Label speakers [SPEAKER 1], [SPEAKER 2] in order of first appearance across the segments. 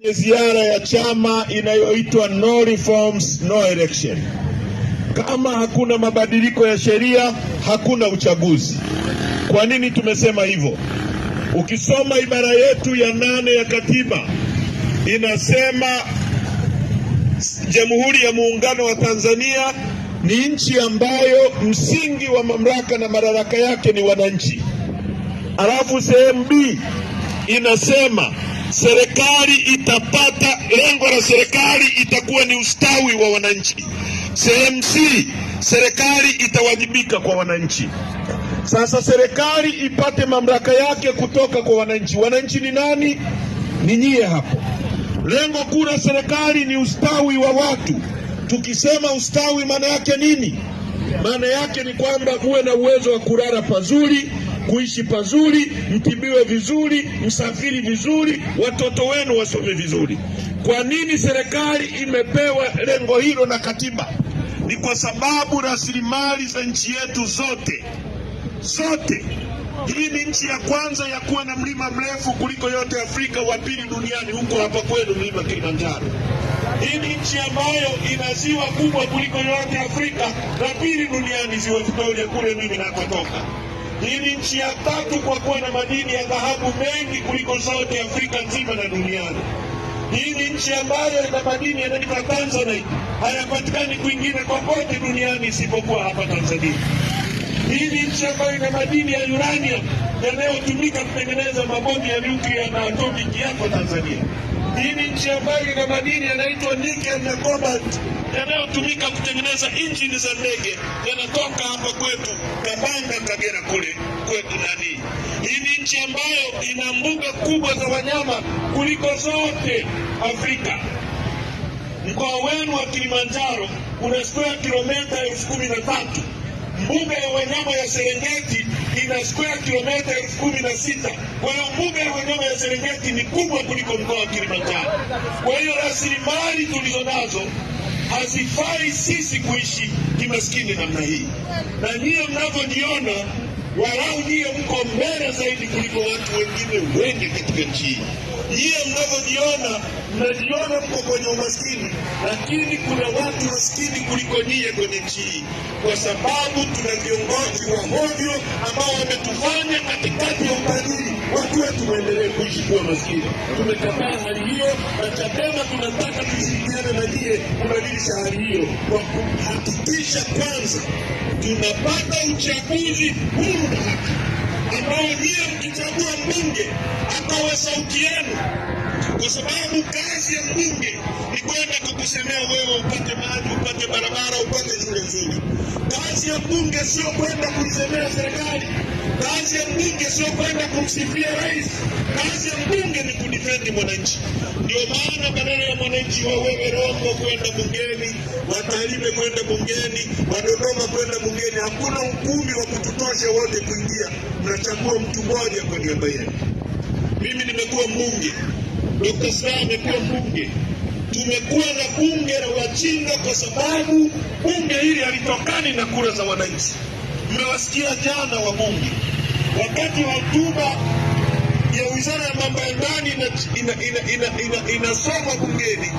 [SPEAKER 1] Kwenye ziara ya chama inayoitwa no reforms no election. Kama hakuna mabadiliko ya sheria, hakuna uchaguzi. Kwa nini tumesema hivyo? Ukisoma ibara yetu ya nane ya katiba inasema Jamhuri ya Muungano wa Tanzania ni nchi ambayo msingi wa mamlaka na madaraka yake ni wananchi. Alafu sehemu B inasema serikali itapata, lengo la serikali itakuwa ni ustawi wa wananchi. Sehemu C, serikali itawajibika kwa wananchi. Sasa serikali ipate mamlaka yake kutoka kwa wananchi. Wananchi ni nani? Ni nyie hapo. Lengo kuu la serikali ni ustawi wa watu. Tukisema ustawi, maana yake nini? Maana yake ni kwamba uwe na uwezo wa kulala pazuri kuishi pazuri, mtibiwe vizuri, msafiri vizuri, watoto wenu wasome vizuri. Kwa nini serikali imepewa lengo hilo na katiba? Ni kwa sababu rasilimali za nchi yetu zote zote hii ni nchi ya kwanza ya kuwa na mlima mrefu kuliko yote Afrika, wa pili duniani, huko hapa kwenu mlima Kilimanjaro. Hii ni nchi ambayo ina ziwa kubwa kuliko yote Afrika, la pili duniani, ziwa Victoria kule mimi nakotoka. Hii ni nchi ya tatu kwa kuwa na madini ya dhahabu mengi kuliko zote Afrika nzima na duniani. Hii ni nchi ambayo ina madini yanaitwa Tanzanite, hayapatikani kwingine kokote duniani isipokuwa hapa Tanzania. Hii ni nchi ambayo ina madini ya uranium yanayotumika kutengeneza mabomu ya nyuklia na atomiki yako Tanzania. Hii ni nchi ambayo ina madini yanaitwa nickel na cobalt yanayotumika kutengeneza injini za ndege, yanatoka hapa kwetu Kabanga, Kagera kule kwetu nani. Hii ni nchi ambayo ina mbuga kubwa za wanyama kuliko zote Afrika. Mkoa wenu wa Kilimanjaro una square kilomita elfu kumi na tatu mbuga ya wanyama ya Serengeti ina square kilomita elfu kumi na sita. Kwa hiyo mbuga ya wanyama ya Serengeti ni kubwa kuliko mkoa wa Kilimanjaro. Kwa hiyo rasilimali tulizo nazo hazifai sisi kuishi kimaskini namna hii, na nyiye mnavyojiona, walau nyiye mko mbele zaidi kuliko watu wengine wengi katika nchi hii. Nyie mnavyojiona mnajiona mko kwenye umaskini, lakini kuna watu maskini kuliko nyie kwenye nchi hii, kwa sababu tuna viongozi wa hovyo ambao wametufanya katikati ya utajiri watu wetu waendelee kuishi kuwa maskini. Tumekataa hali hiyo, na CHADEMA tunataka tushirikiane na nyie kubadilisha hali hiyo kwa kuhakikisha kwanza tunapata uchaguzi huru na haki ambao nyie mkichagua mbunge akawe sauti yenu, kwa sababu kazi ya mbunge ni kwenda kukusemea wewe upate maji, upate barabara, upate shule nzuri. Kazi ya mbunge sio kwenda kuisemea serikali. Kazi ya mbunge sio kwenda kumsifia rais, kazi ya mbunge ni kudifendi mwananchi. Ndio maana badala ya mwananchi wa wewe Rombo kwenda bungeni, watalime kwenda bungeni, Wadodoma kwenda bungeni, hakuna ukumbi wa kututosha wote kuingia, mnachagua mtu mmoja kwa niaba yenu. Mimi nimekuwa mbunge, Dr. Slaa amekuwa mbunge tumekuwa na bunge la wachinga kwa sababu bunge hili halitokani na kura za wananchi. Mmewasikia jana wabunge wakati wa hotuba ya wizara ya mambo ya ndani inasoma ina, ina, ina, ina, ina bungeni,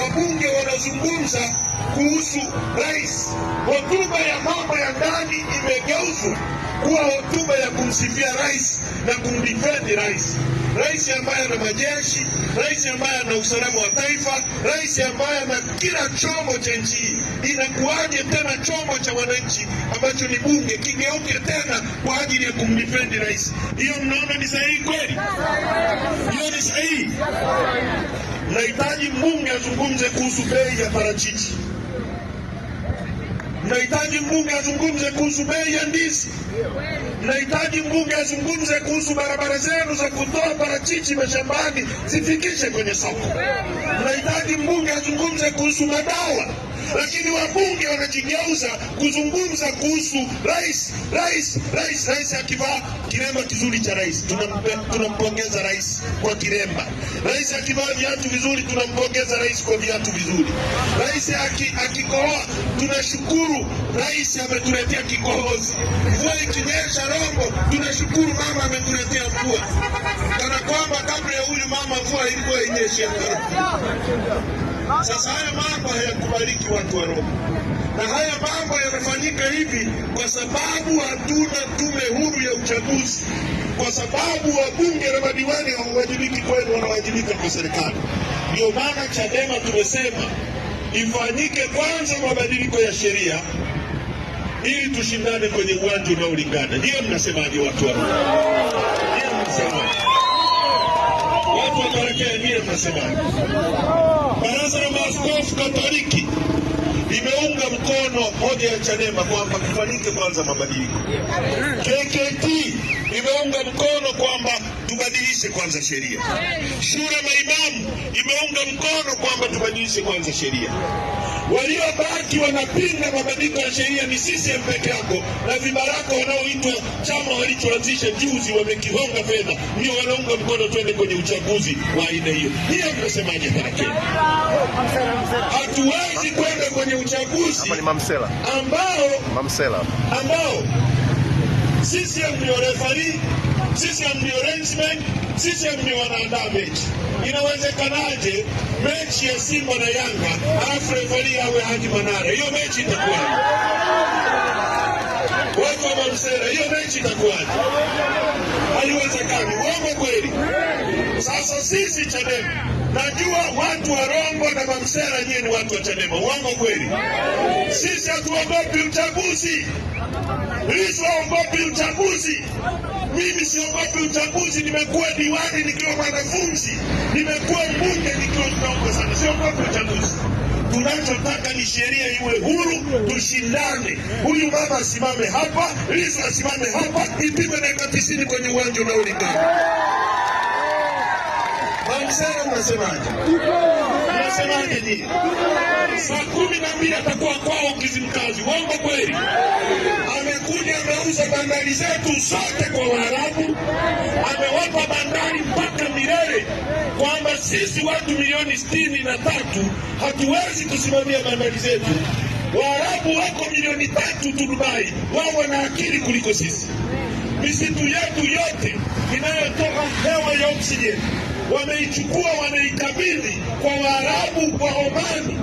[SPEAKER 1] wabunge wanazungumza kuhusu rais. Hotuba ya mambo ya ndani imegeuzwa kuwa hotuba ya kumsifia rais na kumdefend rais rais ambaye ana majeshi, rais ambaye ana usalama wa taifa, rais ambaye ana kila chombo cha nchi hii. Inakuwaje tena chombo cha wananchi ambacho ni bunge kigeuke tena kwa ajili ya kumdefendi rais? Hiyo mnaona ni sahihi kweli? Hiyo ni sahihi? Nahitaji mbunge azungumze kuhusu bei ya parachichi. Mnahitaji mbunge azungumze kuhusu bei ya ndizi, mnahitaji mbunge azungumze kuhusu barabara zenu za kutoa parachichi mashambani zifikishe kwenye soko, mnahitaji mbunge azungumze kuhusu madawa lakini wabunge wanajigeuza kuzungumza kuhusu rais, rais, rais, rais akivaa kiremba kizuri cha rais tunampongeza rais kwa kiremba. Rais akivaa viatu vizuri tunampongeza rais kwa viatu vizuri. Rais akikohoa tunashukuru rais ametuletea kikohozi. Mvua ikinyesha Rombo tunashukuru mama ametuletea mvua, kana kwamba kabla ya huyu mama mvua ilikuwa inyesha sasa haya mambo hayakubaliki, watu wa Roma, na haya mambo yamefanyika hivi kwa sababu hatuna tume huru ya uchaguzi, kwa sababu wabunge na madiwani hawawajibiki kwenu, wanawajibika kwa serikali. Ndio maana Chadema tumesema ifanyike kwanza mabadiliko ya sheria ili tushindane kwenye uwanja unaolingana. ndiyo mnasemaje, watu wa Roma? a minha mesela. Ben sana Moskov Católico. limeunga mkono hoja ya Chadema kwamba kufanyike kwanza mabadiliko. KKT imeunga mkono kwamba tubadilishe kwanza sheria. Shura maimamu imeunga mkono kwamba tubadilishe kwanza sheria. Waliobaki wanapinga mabadiliko ya sheria ni CCM peke yako na vibaraka wanaoitwa chama walichoanzisha juzi, wamekihonga fedha, ndio wanaunga mkono twende kwenye uchaguzi wa aina hiyo. Hiyo tunasemaje? Hatuwezi kwenda kwenye uchaguzi ni Mamsela. ambao Mamsela. ambao sisi ndio referee, sisi ndio arrangement, sisi ndio wanaandaa mechi. Inawezekanaje mechi ya Simba na Yanga alafu referee awe Haji Manara? Hiyo mechi itakuwa Wewe kama msera, hiyo mechi itakuwa haliwezekani. Uongo kweli? Sasa sisi Chadema, najua watu wa Rombo na Mamsera, nyie ni watu wa Chadema. Uongo kweli? Sisi hatuogopi uchaguzi. Lissu haogopi uchaguzi. Mimi siogopi uchaguzi. Nimekuwa diwani nikiwa mwanafunzi, nimekuwa mbunge nikiwa mdogo sana. Siogopi uchaguzi. Tunachotaka ni sheria iwe huru, tushindane. Huyu mama asimame hapa, Lisa asimame hapa, ipigwe dakika tisini kwenye uwanja unaolikana. Mamsara, unasemaje? Unasemaje nini? Saa kumi na mbili atakuwa kwao Kizimkazi, wongo kweli? Amekuja ameuza bandari zetu zote kwa Waarabu. sisi watu milioni sitini na tatu hatuwezi kusimamia bandari zetu. Waarabu wako milioni tatu tu Dubai, wao wana akili kuliko sisi. Misitu yetu yote inayotoa hewa ya oksijeni wameichukua, wanaikabidhi kwa Waarabu, kwa Omani.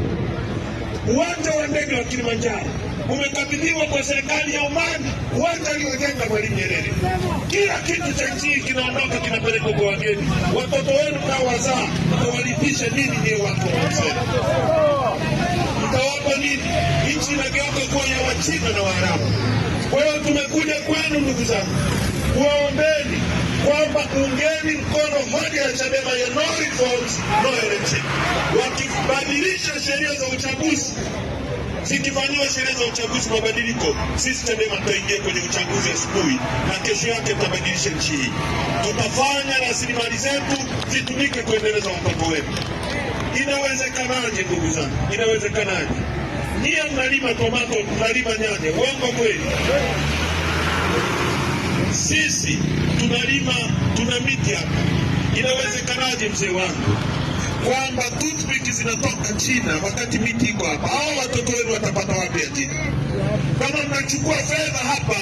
[SPEAKER 1] Uwanja wa ndege wa Kilimanjaro umekabidhiwa kwa serikali ya umani watu waliojenga Mwalimu Nyerere. Kila kitu cha nchi kinaondoka kinapelekwa kwa wageni. Watoto wenu mnaowazaa mtawalifisha nini? Ndiye watu wawazee mtawapa nini? Nchi inageuka kuwa ya Wachina na Waarabu. Kwa hiyo tumekuja kwenu, ndugu zangu, kuwaombeni kwamba kuungeni mkono hoja ya CHADEMA ya no reforms no election kuhakikisha sheria za uchaguzi zikifanyiwa sheria za uchaguzi mabadiliko, sisi Chadema tutaingia kwenye uchaguzi asubuhi na kesho yake tutabadilisha nchi hii. Tutafanya rasilimali zetu zitumike kuendeleza mpango wetu. Inawezekanaje ndugu zangu? Inawezekanaje? Nyie mnalima tomato, mnalima nyanya, uongo kweli? Sisi tunalima, tuna miti hapa. Inawezekanaje mzee wangu? kwamba toothpick zinatoka China wakati miti iko hapa. Hao watoto wenu watapata wapi ajira? Kama mnachukua fedha hapa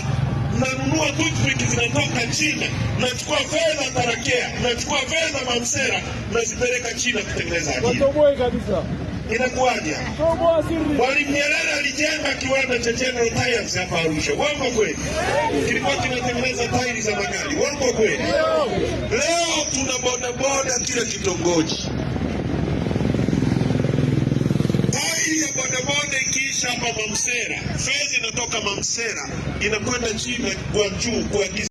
[SPEAKER 1] mnanunua toothpick zinatoka China, mnachukua fedha Tarakea, mnachukua fedha Mamsera, mnazipeleka China kutengeneza
[SPEAKER 2] ajira.
[SPEAKER 1] Inakuwaje? Mwalimu Nyerere alijenga kiwanda cha General Tyres hapa Arusha, uongo kweli? Kilikuwa kinatengeneza tairi za magari, uongo kweli? Leo tuna bodaboda kila kitongoji bodaboda ikiisha hapa Mamsera, fedha inatoka Mamsera inakwenda China, juu kwa